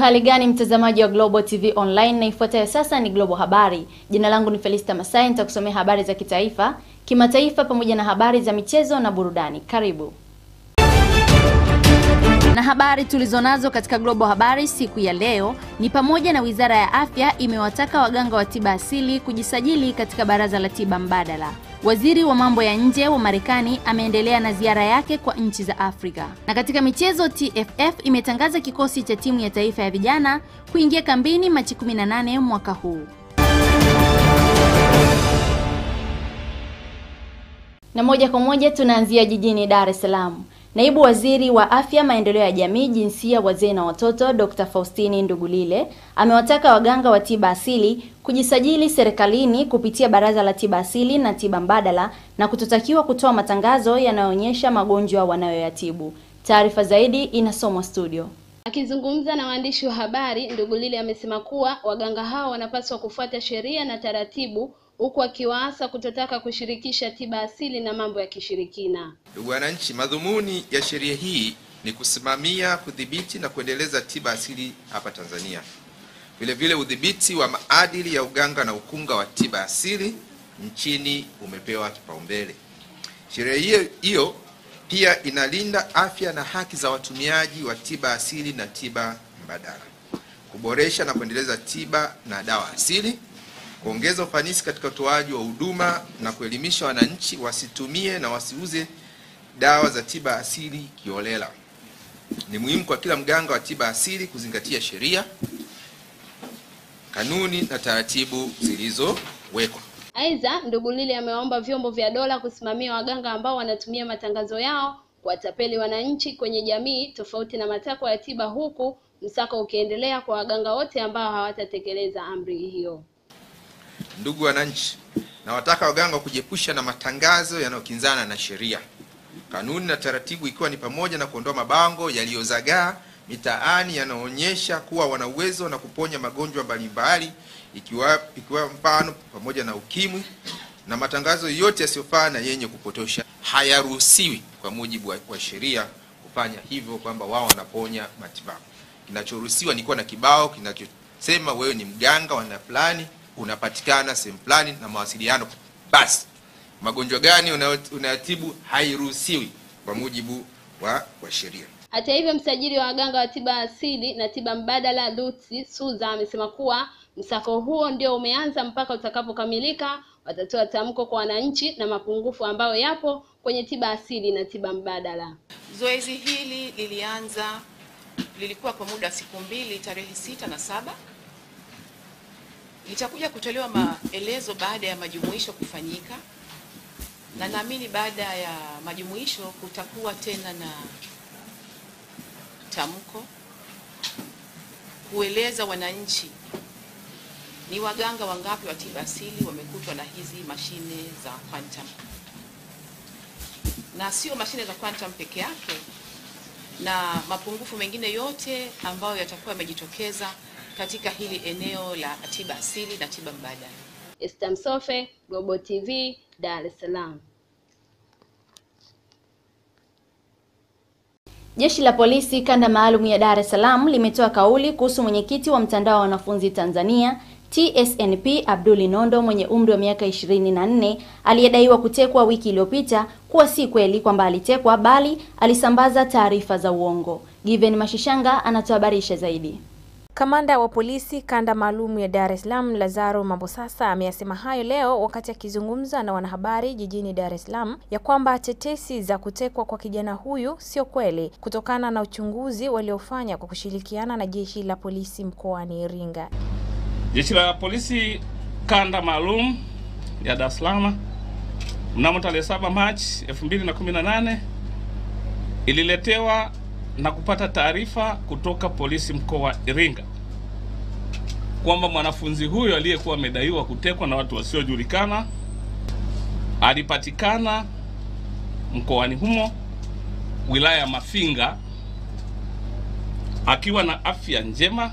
Uhali gani mtazamaji wa Global TV Online, na ifuatayo sasa ni Global Habari. Jina langu ni Felista Masai, nitakusomea habari za kitaifa, kimataifa pamoja na habari za michezo na burudani. Karibu na habari tulizonazo katika Global Habari siku ya leo ni pamoja na wizara ya afya imewataka waganga wa tiba asili kujisajili katika baraza la tiba mbadala Waziri wa mambo ya nje wa Marekani ameendelea na ziara yake kwa nchi za Afrika. Na katika michezo, TFF imetangaza kikosi cha timu ya taifa ya vijana kuingia kambini Machi 18 mwaka huu. Na moja kwa moja tunaanzia jijini Dar es Salaam. Naibu Waziri wa Afya, Maendeleo ya Jamii, Jinsia, Wazee na Watoto, Dr. Faustini Ndugulile amewataka waganga wa tiba asili kujisajili serikalini kupitia Baraza la Tiba Asili na Tiba Mbadala na kutotakiwa kutoa matangazo yanayoonyesha magonjwa wanayoyatibu. Taarifa zaidi inasomwa studio. Akizungumza na waandishi wa habari, Ndugulile amesema kuwa waganga hao wanapaswa kufuata sheria na taratibu huku akiwaasa kutotaka kushirikisha tiba asili na mambo ya kishirikina. Ndugu wananchi, madhumuni ya sheria hii ni kusimamia, kudhibiti na kuendeleza tiba asili hapa Tanzania, vilevile udhibiti wa maadili ya uganga na ukunga wa tiba asili nchini umepewa kipaumbele. Sheria hiyo pia inalinda afya na haki za watumiaji wa tiba asili na tiba mbadala, kuboresha na kuendeleza tiba na dawa asili kuongeza ufanisi katika utoaji wa huduma na kuelimisha wananchi wasitumie na wasiuze dawa za tiba asili kiolela. Ni muhimu kwa kila mganga wa tiba asili kuzingatia sheria, kanuni na taratibu zilizowekwa. Aidha, ndugu lili amewaomba vyombo vya dola kusimamia waganga ambao wanatumia matangazo yao kuwatapeli wananchi kwenye jamii tofauti na matakwa ya tiba, huku msako ukiendelea kwa waganga wote ambao hawatatekeleza amri hiyo. Ndugu wananchi, nawataka waganga kujiepusha na matangazo yanayokinzana na sheria, kanuni na taratibu, ikiwa ni pamoja na kuondoa mabango yaliyozagaa mitaani yanaonyesha kuwa wana uwezo na kuponya magonjwa mbalimbali, ikiwa ikiwa mfano pamoja na ukimwi, na matangazo yote yasiyofaa na yenye kupotosha hayaruhusiwi kwa mujibu wa, wa sheria kufanya hivyo, kwamba wao wanaponya matibabu. Kinachoruhusiwa ni kuwa na kibao kinachosema wewe ni mganga wana fulani unapatikana sehemu fulani na mawasiliano basi. Magonjwa gani unayotibu hairuhusiwi kwa mujibu wa, wa sheria. Hata hivyo, msajili wa waganga wa tiba asili na tiba mbadala Lutzi Suza amesema kuwa msako huo ndio umeanza mpaka utakapokamilika watatoa tamko kwa wananchi na mapungufu ambayo yapo kwenye tiba asili na tiba mbadala. Zoezi hili lilianza, lilikuwa kwa muda wa siku mbili, tarehe sita na saba litakuja kutolewa maelezo baada ya majumuisho kufanyika, na naamini baada ya majumuisho kutakuwa tena na tamko kueleza wananchi ni waganga wangapi wa tiba asili wamekutwa na hizi mashine za quantum, na sio mashine za quantum peke yake, na mapungufu mengine yote ambayo yatakuwa yamejitokeza katika hili eneo la tiba asili na tiba mbadala. Esther Msofe, Global TV, Dar es Salaam. Jeshi la polisi kanda maalum ya Dar es Salaam limetoa kauli kuhusu mwenyekiti wa mtandao wa wanafunzi Tanzania TSNP Abduli Nondo mwenye umri wa miaka 24 aliyedaiwa kutekwa wiki iliyopita kuwa si kweli kwamba alitekwa bali alisambaza taarifa za uongo. Given Mashishanga anatuhabarisha zaidi. Kamanda wa polisi kanda maalum ya Dar es Salaam Lazaro Mambosasa ameyasema hayo leo wakati akizungumza na wanahabari jijini Dar es Salaam ya kwamba tetesi za kutekwa kwa kijana huyu sio kweli kutokana na uchunguzi waliofanya kwa kushirikiana na jeshi la polisi mkoani Iringa. Jeshi la polisi kanda maalum ya Dar es Salaam mnamo tarehe 7 Machi 2018 ililetewa na kupata taarifa kutoka polisi mkoa wa Iringa kwamba mwanafunzi huyo aliyekuwa amedaiwa kutekwa na watu wasiojulikana alipatikana mkoani humo wilaya ya Mafinga akiwa na afya njema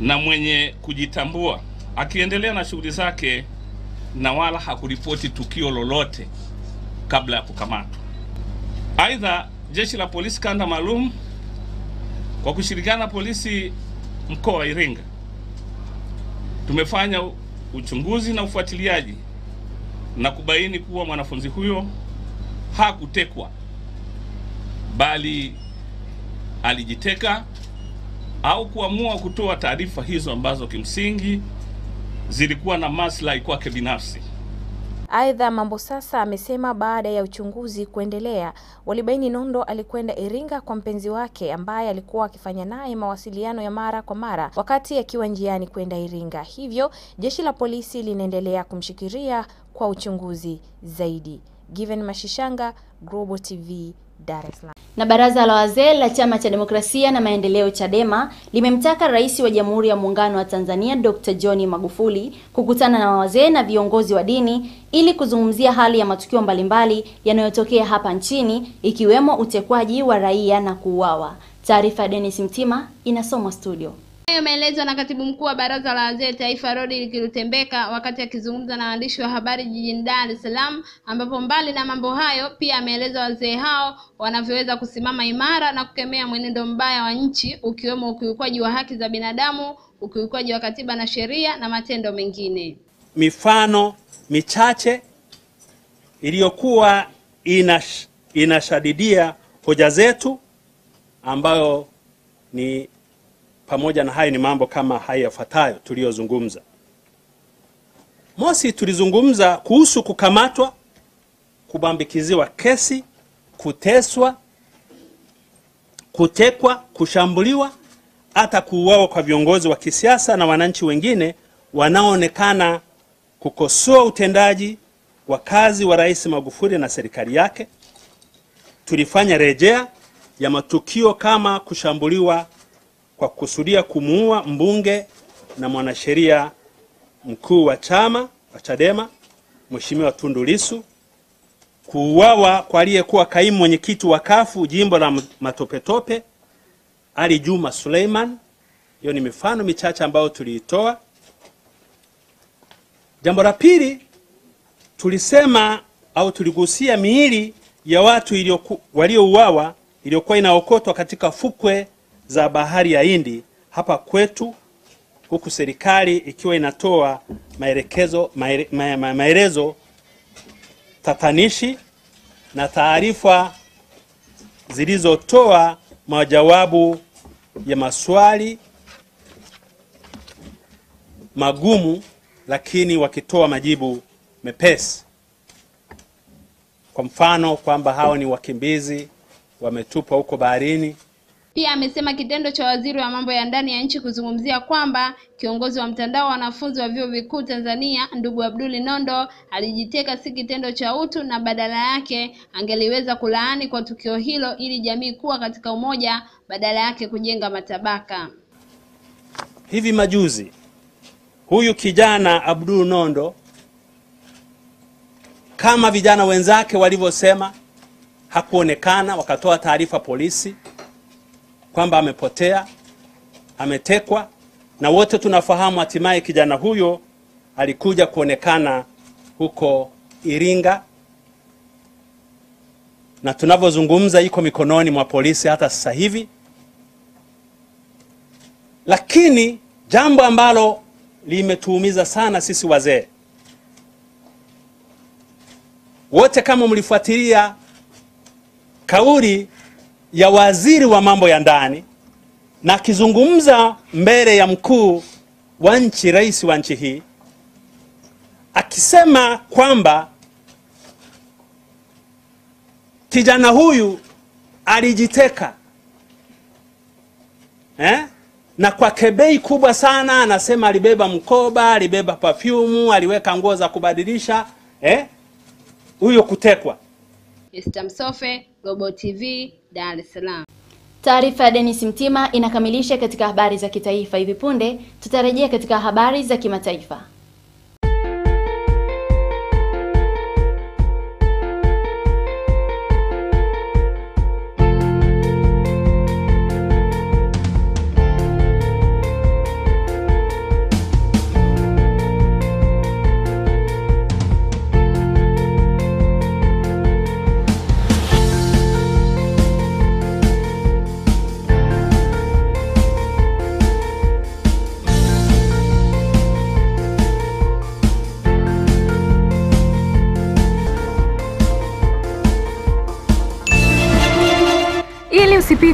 na mwenye kujitambua, akiendelea na shughuli zake na wala hakuripoti tukio lolote kabla ya kukamatwa. Aidha, jeshi la polisi kanda maalum kwa kushirikiana polisi mkoa wa Iringa tumefanya uchunguzi na ufuatiliaji na kubaini kuwa mwanafunzi huyo hakutekwa, bali alijiteka au kuamua kutoa taarifa hizo ambazo kimsingi zilikuwa na maslahi kwake binafsi. Aidha, mambo sasa amesema baada ya uchunguzi kuendelea, walibaini Nondo alikwenda Iringa kwa mpenzi wake ambaye alikuwa akifanya naye mawasiliano ya mara kwa mara wakati akiwa njiani kwenda Iringa. Hivyo jeshi la polisi linaendelea kumshikiria kwa uchunguzi zaidi. Given Mashishanga, Global TV Dar es Salaam. Na baraza la wazee la Chama cha Demokrasia na Maendeleo Chadema limemtaka Rais wa Jamhuri ya Muungano wa Tanzania Dr. John Magufuli kukutana na wazee na viongozi wa dini ili kuzungumzia hali ya matukio mbalimbali yanayotokea hapa nchini ikiwemo utekwaji wa raia na kuuawa. Taarifa ya Dennis Mtima inasomwa studio. Hayo yameelezwa na Katibu Mkuu wa Baraza la Wazee Taifa, Rodrick Lutembeka wakati akizungumza na waandishi wa habari jijini Dar es Salaam, ambapo mbali na mambo hayo pia ameeleza wazee hao wanavyoweza kusimama imara na kukemea mwenendo mbaya wa nchi ukiwemo ukiukwaji wa haki za binadamu, ukiukwaji wa katiba na sheria na matendo mengine. Mifano michache iliyokuwa inash, inashadidia hoja zetu ambayo ni pamoja na hayo ni mambo kama haya yafuatayo tuliyozungumza. Mosi, tulizungumza kuhusu kukamatwa, kubambikiziwa kesi, kuteswa, kutekwa, kushambuliwa, hata kuuawa kwa viongozi wa kisiasa na wananchi wengine wanaoonekana kukosoa utendaji wa kazi wa Rais Magufuli na serikali yake. Tulifanya rejea ya matukio kama kushambuliwa kwa kusudia kumuua mbunge na mwanasheria mkuu wa chama wa Chadema Mheshimiwa Tundu Lissu, kuuawa kwa aliyekuwa kaimu mwenyekiti wa kafu jimbo la Matopetope Ali Juma Suleiman. Hiyo ni mifano michache ambayo tuliitoa. Jambo la pili tulisema au tuligusia miili ya watu waliouawa iliyokuwa inaokotwa katika fukwe za bahari ya Hindi hapa kwetu, huku serikali ikiwa inatoa maelekezo ma, ma, maelezo tatanishi na taarifa zilizotoa majawabu ya maswali magumu, lakini wakitoa majibu mepesi. Kwa mfano kwamba hao ni wakimbizi wametupwa huko baharini. Pia amesema kitendo cha waziri wa mambo ya ndani ya nchi kuzungumzia kwamba kiongozi wa mtandao wa wanafunzi wa vyuo vikuu Tanzania ndugu Abduli Nondo alijiteka si kitendo cha utu, na badala yake angeliweza kulaani kwa tukio hilo ili jamii kuwa katika umoja badala yake kujenga matabaka. Hivi majuzi huyu kijana Abdul Nondo kama vijana wenzake walivyosema hakuonekana, wakatoa taarifa polisi kwamba amepotea, ametekwa, na wote tunafahamu hatimaye kijana huyo alikuja kuonekana huko Iringa, na tunavyozungumza iko mikononi mwa polisi hata sasa hivi. Lakini jambo ambalo limetuumiza sana sisi wazee wote, kama mlifuatilia kauli ya waziri wa mambo ya ndani na akizungumza mbele ya mkuu wa nchi, rais wa nchi hii, akisema kwamba kijana huyu alijiteka eh? na kwa kebei kubwa sana anasema alibeba mkoba, alibeba pafyumu, aliweka nguo za kubadilisha eh? huyo kutekwa Esther Msofe, Global TV, Dar es Salaam. Taarifa ya Dennis Mtima inakamilisha katika habari za kitaifa. Hivi punde tutarejea katika habari za kimataifa.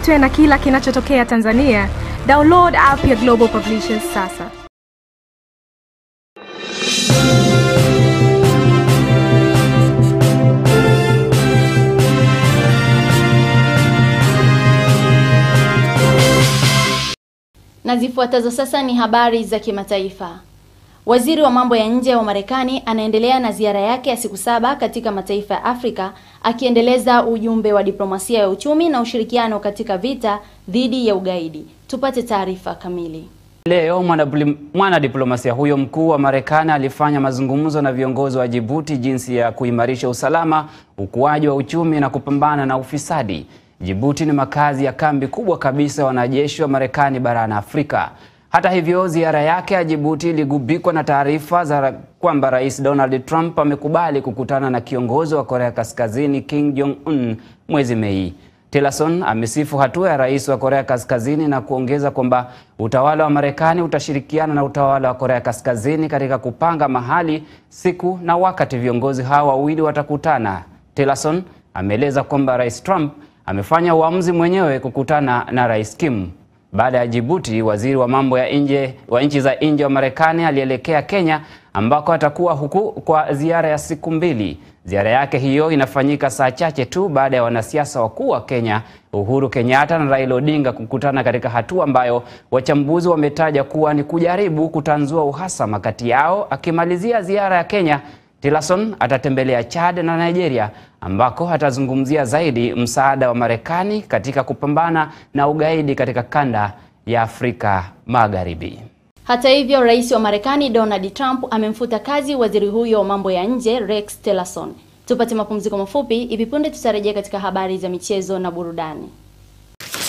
upitwe na kila kinachotokea Tanzania, download app ya Global Publishers sasa. Na zifuatazo sasa ni habari za kimataifa. Waziri wa mambo ya nje wa Marekani anaendelea na ziara yake ya siku saba katika mataifa ya Afrika akiendeleza ujumbe wa diplomasia ya uchumi na ushirikiano katika vita dhidi ya ugaidi. Tupate taarifa kamili. Leo mwanadiplomasia mwana huyo mkuu wa Marekani alifanya mazungumzo na viongozi wa Jibuti jinsi ya kuimarisha usalama, ukuaji wa uchumi na kupambana na ufisadi. Jibuti ni makazi ya kambi kubwa kabisa ya wanajeshi wa Marekani barani Afrika. Hata hivyo, ziara yake ya Jibuti iligubikwa na taarifa za kwamba Rais Donald Trump amekubali kukutana na kiongozi wa Korea Kaskazini Kim Jong Un mwezi Mei. Tillerson amesifu hatua ya rais wa Korea Kaskazini na kuongeza kwamba utawala wa Marekani utashirikiana na utawala wa Korea Kaskazini katika kupanga mahali, siku na wakati viongozi hawa wawili watakutana. Tillerson ameeleza kwamba Rais Trump amefanya uamuzi mwenyewe kukutana na Rais Kim. Baada ya Jibuti, waziri wa mambo ya nje wa nchi za nje wa Marekani alielekea Kenya ambako atakuwa huku kwa ziara ya siku mbili. Ziara yake hiyo inafanyika saa chache tu baada ya wanasiasa wakuu wa Kenya Uhuru Kenyatta na Raila Odinga kukutana katika hatua ambayo wachambuzi wametaja kuwa ni kujaribu kutanzua uhasama kati yao, akimalizia ziara ya Kenya Tillerson atatembelea Chad na Nigeria ambako atazungumzia zaidi msaada wa Marekani katika kupambana na ugaidi katika kanda ya Afrika Magharibi. Hata hivyo, Rais wa Marekani Donald Trump amemfuta kazi waziri huyo wa mambo ya nje Rex Tillerson. Tupate mapumziko mafupi, hivi punde tutarejea katika habari za michezo na burudani.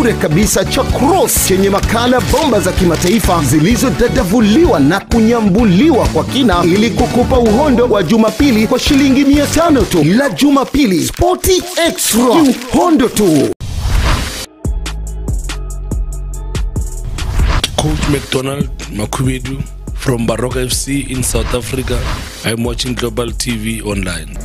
bure kabisa cha Cross chenye makala bomba za kimataifa zilizodadavuliwa na kunyambuliwa kwa kina ili kukupa uhondo wa Jumapili kwa shilingi 500 tu. La Jumapili spoti Extra, uhondo tu. Coach McDonald Makubedu from baroka FC in South Africa. I'm watching Global TV online.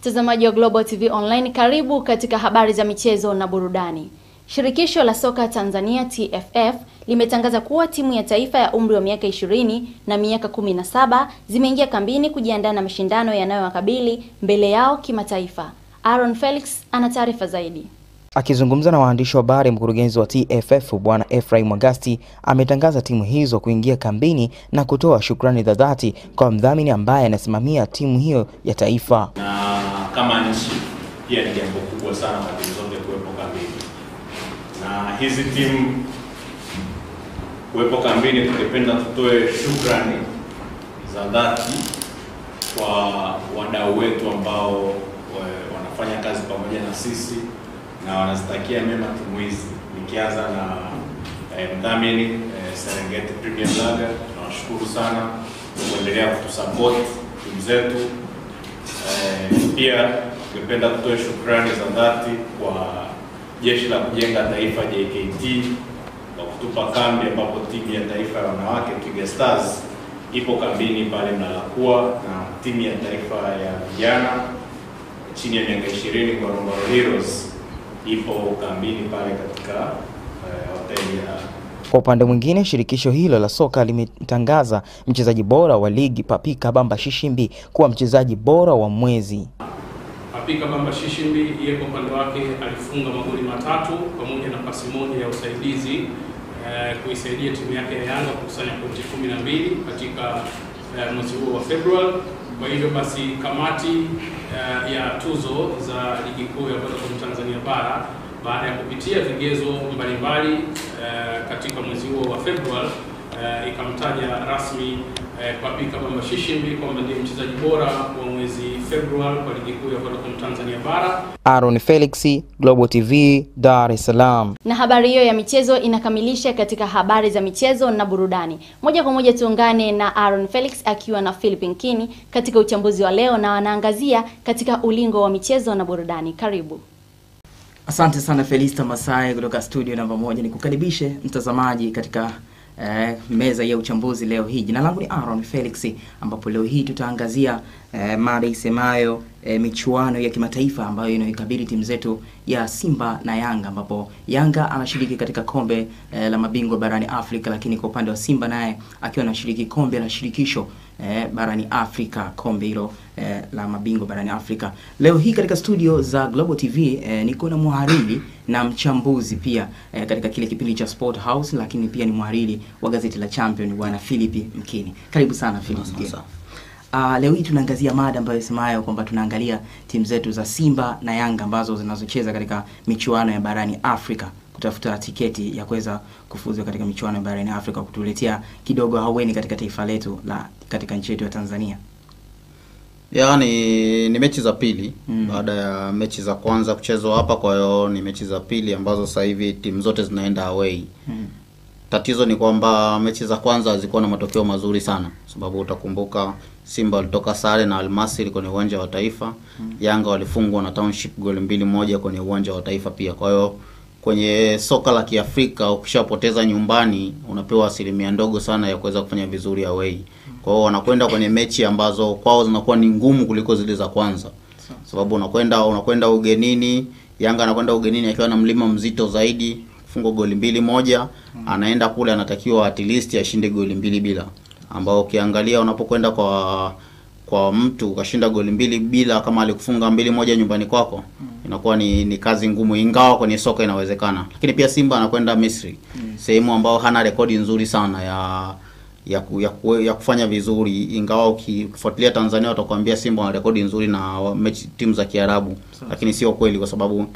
Mtazamaji wa Global TV Online, karibu katika habari za michezo na burudani. Shirikisho la soka Tanzania TFF limetangaza kuwa timu ya taifa ya umri wa miaka 20 na miaka 17 zimeingia kambini kujiandaa na mashindano yanayowakabili mbele yao kimataifa. Aaron Felix ana taarifa zaidi. Akizungumza na waandishi wa habari, mkurugenzi wa TFF Bwana Ephraim Agasti ametangaza timu hizo kuingia kambini na kutoa shukrani za dhati kwa mdhamini ambaye anasimamia timu hiyo ya taifa. Na kama nchi pia ni jambo kubwa sana kwa timu zote kuwepo kambini, na hizi timu kuwepo kambini, tungependa tutoe shukrani za dhati kwa wadau wetu ambao eh, wanafanya kazi pamoja na sisi na wanazitakia mema timu hizi, nikianza na eh, mdhamini eh, Serengeti Premier Laga. Tunawashukuru sana kuendelea kutusupport timu zetu. Eh, pia tungependa kutoa shukrani za dhati kwa Jeshi la Kujenga Taifa JKT kwa kutupa kambi ambapo timu ya taifa ya wanawake Twiga Stars ipo kambini pale Mlalakuwa na timu ya taifa ya vijana chini ya miaka 20 kwa Ngorongoro Heroes ipo kambini pale katika eh, hoteli ya kwa upande mwingine shirikisho hilo la soka limetangaza mchezaji bora wa ligi papika bamba Shishimbi kuwa mchezaji bora wa mwezi. papika bamba Shishimbi yeye kwa upande wake alifunga magoli matatu pamoja na pasi moja ya usaidizi eh, kuisaidia timu yake ya Yanga kukusanya pointi 12 katika eh, mwezi huo wa Februari. Kwa hivyo basi kamati uh, ya tuzo za ligi kuu ya Vodacom Tanzania bara baada ya kupitia vigezo mbalimbali uh, katika mwezi huo wa Februari uh, ikamtaja rasmi eh, kwa pika kama Mashishimbi kwamba ndiye mchezaji bora wa mwezi Februari kwa ligi kuu ya Vodacom Tanzania Bara. Aaron Felix, Global TV, Dar es Salaam. Na habari hiyo ya michezo inakamilisha katika habari za michezo na burudani. Moja kwa moja tuungane na Aaron Felix akiwa na Philip Nkini katika uchambuzi wa leo na wanaangazia katika ulingo wa michezo na burudani. Karibu. Asante sana Felista Masai kutoka studio namba moja. Nikukaribishe mtazamaji katika eh, meza ya uchambuzi leo hii. Jina langu ni Aaron Felix, ambapo leo hii tutaangazia eh, mada isemayo eh, michuano ya kimataifa ambayo inaikabili timu zetu ya Simba na Yanga, ambapo Yanga anashiriki katika kombe eh, la mabingwa barani Afrika, lakini kwa upande wa Simba naye akiwa anashiriki kombe la shirikisho eh, barani Afrika, kombe hilo eh, la mabingwa barani Afrika. Leo hii katika studio za Global TV eh, niko na mhariri na mchambuzi pia eh, katika kile kipindi cha Sport House, lakini pia ni mhariri wa gazeti la Champion bwana Philip Mkini. Karibu sana Philip Mkini. Uh, leo hii tunaangazia mada ambayo semayo kwamba tunaangalia timu zetu za Simba na Yanga ambazo zinazocheza katika michuano ya barani Afrika kutafuta tiketi ya kuweza kufuzu katika michuano ya barani Afrika, kutuletea kidogo haweni katika taifa letu la katika nchi yetu ya Tanzania. Yaani ni mechi za pili mm. baada ya mechi za kwanza kuchezwa hapa, kwa hiyo ni mechi za pili ambazo sasa hivi timu zote zinaenda away mm. Tatizo ni kwamba mechi za kwanza zilikuwa na matokeo mazuri sana, sababu utakumbuka Simba walitoka sare na Almasiri kwenye uwanja wa Taifa mm. Yanga walifungwa na Township goli mbili moja kwenye uwanja wa Taifa pia, kwa hiyo kwenye soka la Kiafrika ukishapoteza nyumbani unapewa asilimia ndogo sana ya kuweza kufanya vizuri away. Kwa hiyo wanakwenda kwenye mechi ambazo kwao zinakuwa ni ngumu kuliko zile za kwanza, sababu unakwenda unakwenda ugenini. Yanga anakwenda ugenini akiwa na mlima mzito zaidi, fungo goli mbili moja, anaenda kule anatakiwa at least ashinde goli mbili bila, ambao ukiangalia unapokwenda kwa kwa mtu ukashinda goli mbili bila kama alikufunga mbili moja nyumbani kwako mm. inakuwa ni, ni kazi ngumu, ingawa kwenye soka inawezekana. Lakini pia Simba anakwenda Misri mm. sehemu ambayo hana rekodi nzuri sana ya ya, ku, ya, ku, ya kufanya vizuri, ingawa ukifuatilia Tanzania watakwambia Simba wana rekodi nzuri na mechi timu za Kiarabu Sasa. lakini sio kweli kwa sababu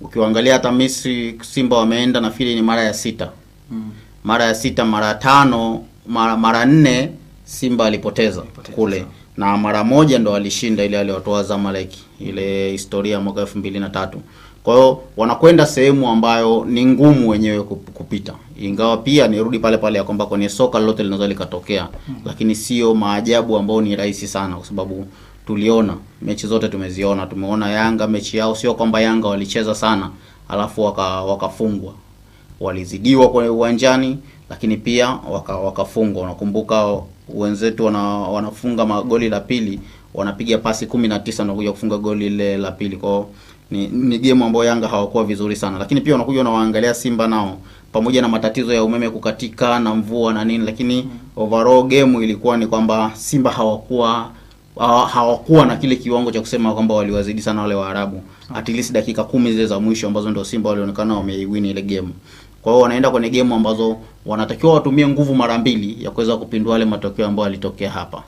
ukiwaangalia hata Misri Simba wameenda na fili ni mara ya sita mm. mara ya sita mara tano mara mara nne Simba alipoteza kule Sasa na mara moja ndo walishinda ile aliyotoa Zamalek ile historia mwaka elfu mbili na tatu. Kwa hiyo wanakwenda sehemu ambayo ni ngumu wenyewe kupita, ingawa pia nirudi pale pale ya kwamba kwenye soka lolote linaweza likatokea, hmm. lakini sio maajabu ambayo ni rahisi sana, kwa sababu tuliona mechi zote tumeziona. Tumeona Yanga mechi yao, sio kwamba Yanga walicheza sana alafu wakafungwa, waka walizidiwa kwenye uwanjani, lakini pia wakafungwa waka unakumbuka wenzetu wana, wanafunga magoli la pili, wanapiga pasi 19 na kuja kufunga goli ile la pili kwao ni, ni game ambayo Yanga hawakuwa vizuri sana, lakini pia unakuja unawaangalia Simba nao pamoja na matatizo ya umeme kukatika na mvua na nini, lakini mm. overall game ilikuwa ni kwamba Simba hawakuwa hawakuwa na kile kiwango cha kusema kwamba waliwazidi sana wale Waarabu, at least dakika kumi zile za mwisho ambazo ndio Simba walionekana wameiwini ile game. Kwa hiyo wanaenda kwenye game ambazo wanatakiwa watumie nguvu mara mbili ya kuweza kupindua yale matokeo ambayo yalitokea hapa.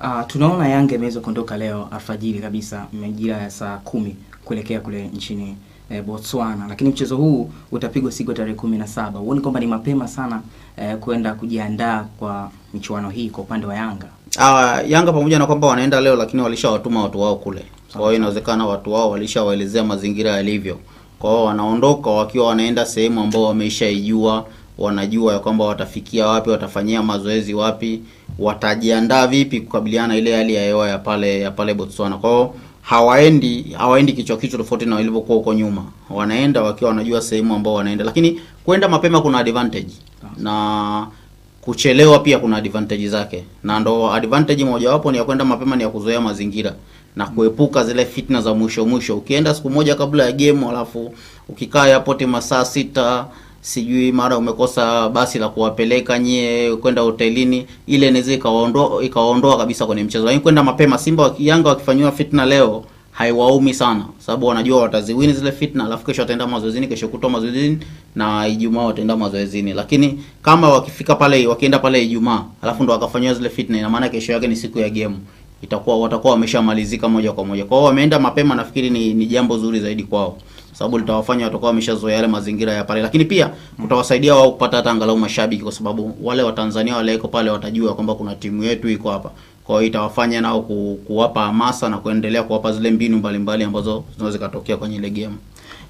Uh, tunaona yange imeweza kuondoka leo alfajiri kabisa majira ya saa kumi kuelekea kule nchini eh, Botswana, lakini mchezo huu utapigwa siku ya tarehe kumi na saba. Huoni kwamba ni mapema sana eh, kwenda kujiandaa kwa michuano hii kwa upande wa Yanga? Uh, Yanga pamoja na kwamba wanaenda leo, lakini walishawatuma watu wao kule, kwa hiyo inawezekana watu wao walishawaelezea mazingira yalivyo. Kwa hiyo wanaondoka wakiwa wanaenda sehemu ambao wameshaijua, wanajua ya kwamba watafikia wapi, watafanyia mazoezi wapi, watajiandaa vipi kukabiliana ile hali ya hewa ya pale ya pale Botswana. Kwa hiyo hawaendi hawaendi kichwa kichwa tofauti na walivyokuwa huko nyuma. Wanaenda wakiwa wanajua sehemu ambao wanaenda, lakini kwenda mapema kuna advantage na kuchelewa pia kuna advantage zake, na ndo advantage mojawapo ni ya kwenda mapema ni ya kuzoea mazingira na kuepuka zile fitna za mwisho mwisho. Ukienda siku moja kabla ya game, alafu ukikaa yapoti masaa sita sijui mara umekosa basi la kuwapeleka nyie kwenda hotelini, ile inaweza ikawaondoa ikawaondoa kabisa kwenye mchezo. Lakini kwenda mapema, Simba Yanga wakifanywa fitna leo haiwaumi sana, sababu wanajua wataziwini zile fitna, alafu kesho wataenda mazoezini, kesho kutoa mazoezini na Ijumaa wataenda mazoezini. Lakini kama wakifika pale, wakienda pale Ijumaa alafu ndo wakafanywa zile fitna, ina maana kesho yake ni siku ya game itakuwa watakuwa wameshamalizika moja kwa moja. Kwa hiyo wameenda mapema, nafikiri ni, ni jambo zuri zaidi kwao sababu litawafanya watakuwa wameshazoea yale mazingira ya pale, lakini pia utawasaidia wao kupata hata angalau mashabiki, kwa sababu wale Watanzania waleko pale watajua kwamba kuna timu yetu iko hapa. Kwa hiyo itawafanya nao ku, kuwapa hamasa na kuendelea kuwapa zile mbinu mbalimbali mbali ambazo zinaweza zikatokea kwenye ile game.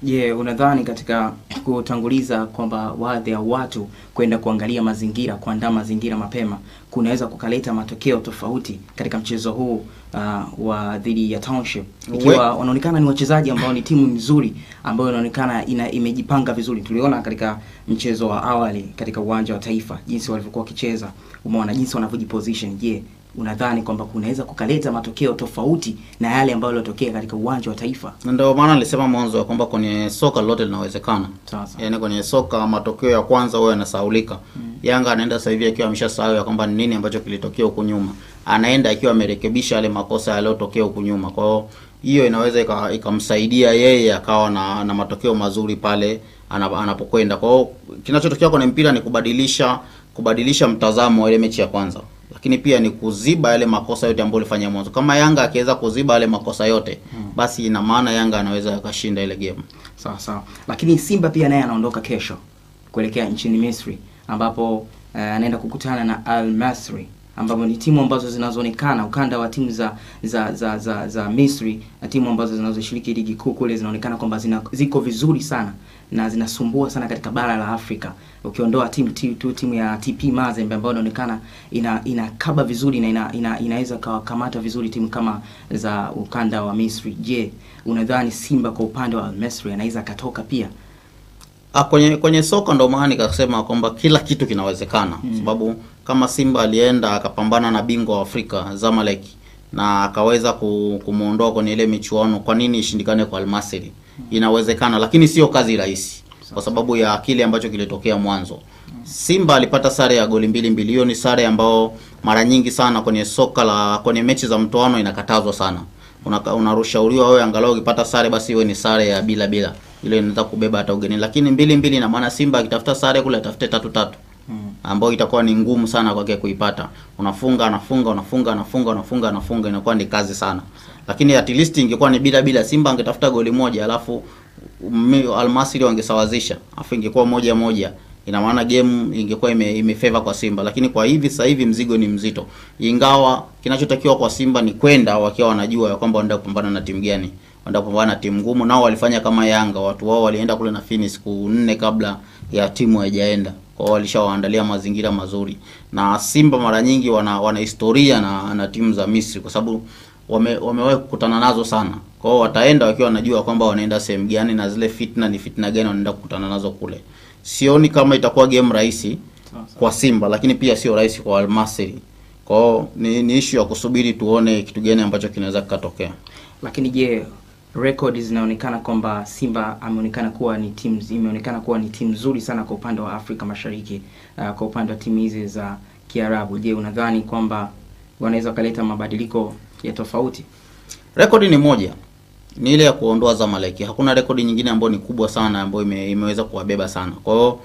Je, yeah, unadhani katika kutanguliza kwamba baadhi ya watu kwenda kuangalia mazingira, kuandaa mazingira mapema kunaweza kukaleta matokeo tofauti katika mchezo huu uh, wa dhidi ya Township, ikiwa wanaonekana ni wachezaji ambao ni timu nzuri ambayo inaonekana ina, imejipanga vizuri. Tuliona katika mchezo wa awali katika uwanja wa Taifa jinsi walivyokuwa wakicheza, umeona jinsi wanavyojiposition. Je, yeah unadhani kwamba kunaweza kukaleta matokeo tofauti na yale ambayo yalotokea katika uwanja wa Taifa. Ndio maana nilisema mwanzo kwamba kwenye soka lote linawezekana, yaani kwenye soka matokeo ya kwanza huwa yanasahaulika. Mm. Yanga anaenda sasa hivi akiwa ameshasahau ya kwamba ni nini ambacho kilitokea huko nyuma, anaenda akiwa amerekebisha yale makosa yaliyotokea huko nyuma. Kwa hiyo hiyo inaweza ikamsaidia yeye akawa na, na matokeo mazuri pale anapokwenda. Kwa hiyo kinachotokea kwenye mpira ni kubadilisha kubadilisha mtazamo wa ile mechi ya kwanza lakini pia ni kuziba yale makosa yote ambayo ulifanya mwanzo. Kama Yanga akiweza kuziba yale makosa yote hmm, basi ina maana Yanga anaweza akashinda ile game. Sawa sawa, lakini Simba pia naye anaondoka kesho kuelekea nchini Misri ambapo eh, anaenda uh, kukutana na Al Masry ambapo ni timu ambazo zinazoonekana ukanda wa timu za za za za, za Misri na timu ambazo zinazoshiriki ligi kuu kule zinaonekana kwamba zina, ziko vizuri sana na zinasumbua sana katika bara la Afrika, ukiondoa timu tu timu ya TP Mazembe ambayo inaonekana ina inakaba vizuri na ina, ina, inaweza kawakamata vizuri timu kama za ukanda wa Misri. Je, unadhani Simba kwa upande wa Misri anaweza akatoka pia? A, ah, kwenye kwenye soka ndo maana nikasema kwamba kila kitu kinawezekana mm. sababu kama Simba alienda akapambana na bingwa wa Afrika Zamalek na akaweza kumuondoa kwenye ile michuano, kwa nini ishindikane kwa Almasiri? Inawezekana, lakini sio kazi rahisi kwa sababu ya kile ambacho kilitokea mwanzo. Simba alipata sare ya goli mbili mbili. Hiyo ni sare ambayo mara nyingi sana kwenye soka la kwenye mechi za mtoano inakatazwa sana. Unarushauriwa una wewe angalau ukipata sare basi iwe ni sare ya bila bila, ile inaweza kubeba hata ugeni, lakini mbili mbili na maana Simba akitafuta sare kule atafute tatu tatu ambayo itakuwa ni ngumu sana kwake kuipata. Unafunga anafunga unafunga anafunga unafunga anafunga, inakuwa ni kazi sana, lakini at least ingekuwa ni bila bila, Simba angetafuta goli moja alafu Almasri wangesawazisha afu ingekuwa moja moja ina maana game ingekuwa ime, imefavor kwa Simba, lakini kwa hivi sasa hivi mzigo ni mzito, ingawa kinachotakiwa kwa Simba ni kwenda wakiwa wanajua ya kwamba wanaenda kupambana na timu gani wanapopambana na timu ngumu, nao walifanya kama Yanga, watu wao walienda kule na fini siku nne kabla ya timu haijaenda kwao, walishawaandalia mazingira mazuri. Na Simba mara nyingi wana, wana historia na, na timu za Misri kwa sababu wame, wamewahi kukutana nazo sana. kwao, wataenda wakiwa wanajua kwamba wanaenda sehemu gani na zile fitna ni fitna gani wanaenda kukutana nazo kule. Sioni kama itakuwa game rahisi kwa Simba, lakini pia sio rahisi kwa Almasri. kwao. ni, ni ishu ya kusubiri tuone kitu gani ambacho kinaweza kikatokea. Lakini je, record zinaonekana kwamba Simba ameonekana kuwa ni timu imeonekana kuwa ni timu nzuri sana kwa upande wa Afrika Mashariki, uh, kwa upande wa timu hizi za Kiarabu. Je, unadhani kwamba wanaweza wakaleta mabadiliko ya tofauti? Rekodi ni moja, ni ile ya kuondoa Zamalek. Hakuna rekodi nyingine ambayo ni kubwa sana ambayo ime, imeweza kuwabeba sana. Kwa hiyo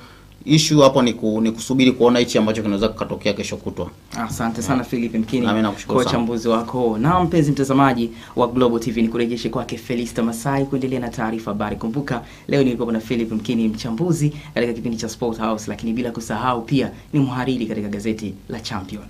issue hapo ni, ku, ni kusubiri kuona hichi ambacho kinaweza kukatokea kesho kutwa. Asante sana yeah. Philip Mkini kwa uchambuzi wako. Na mpenzi mtazamaji wa Global TV, nikurejeshe kwake Felista Masai kuendelea na taarifa habari. Kumbuka leo nilikuwa na Philip Mkini mchambuzi katika kipindi cha Sport House, lakini bila kusahau pia ni mhariri katika gazeti la Champion.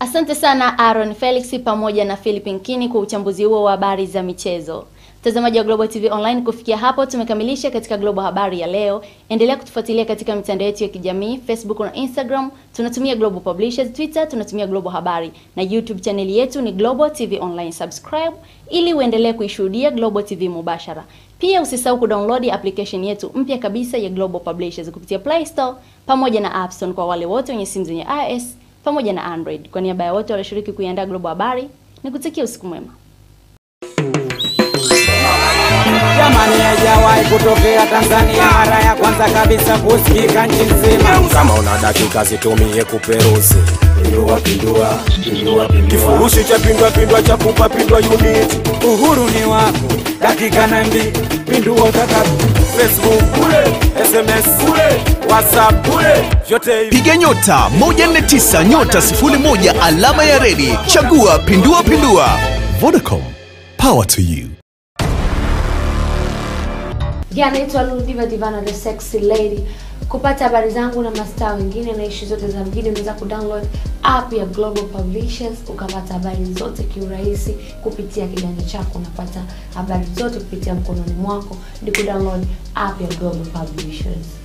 Asante sana Aaron Felix pamoja na Philip Mkini kwa uchambuzi huo wa habari za michezo. Mtazamaji wa Global TV Online, kufikia hapo tumekamilisha katika Global Habari ya leo. Endelea kutufuatilia katika mitandao yetu ya kijamii Facebook na Instagram, tunatumia Global Publishers, Twitter tunatumia Global Habari na YouTube channel yetu ni Global TV Online. Subscribe ili uendelee kuishuhudia Global TV mubashara. Pia usisahau kudownload application yetu mpya kabisa ya Global Publishers kupitia Play Store pamoja na App Store kwa wale wote wenye simu zenye iOS pamoja na Android. Kwa niaba ya wote walioshiriki kuiandaa Global Habari, nikutakia usiku mwema. Jamani, haijawahi kutokea Tanzania, mara ya kwanza kabisa kusikika nchi nzima. Kama una dakika zitumie kuperuzi Pindua, pindua, pindua, pindua. Kifurushi cha pindua pindua cha kupa pindua unit. Uhuru ni wako, dakika na mbi. Pindua utakapo. Facebook ule SMS bure, WhatsApp bure. Yote Piga nyota 149 nyota 01 alama ya redi. Chagua pindua pindua. Vodacom. Power to you. Yeah, naitwa Ludiva Divana the sexy lady. Kupata habari zangu na mastaa wengine na ishi zote za mjini, unaweza kudownload app ya Global Publishers ukapata habari zote kiurahisi kupitia kiganja chako. Unapata habari zote kupitia mkononi mwako, ni kudownload app ya Global Publishers.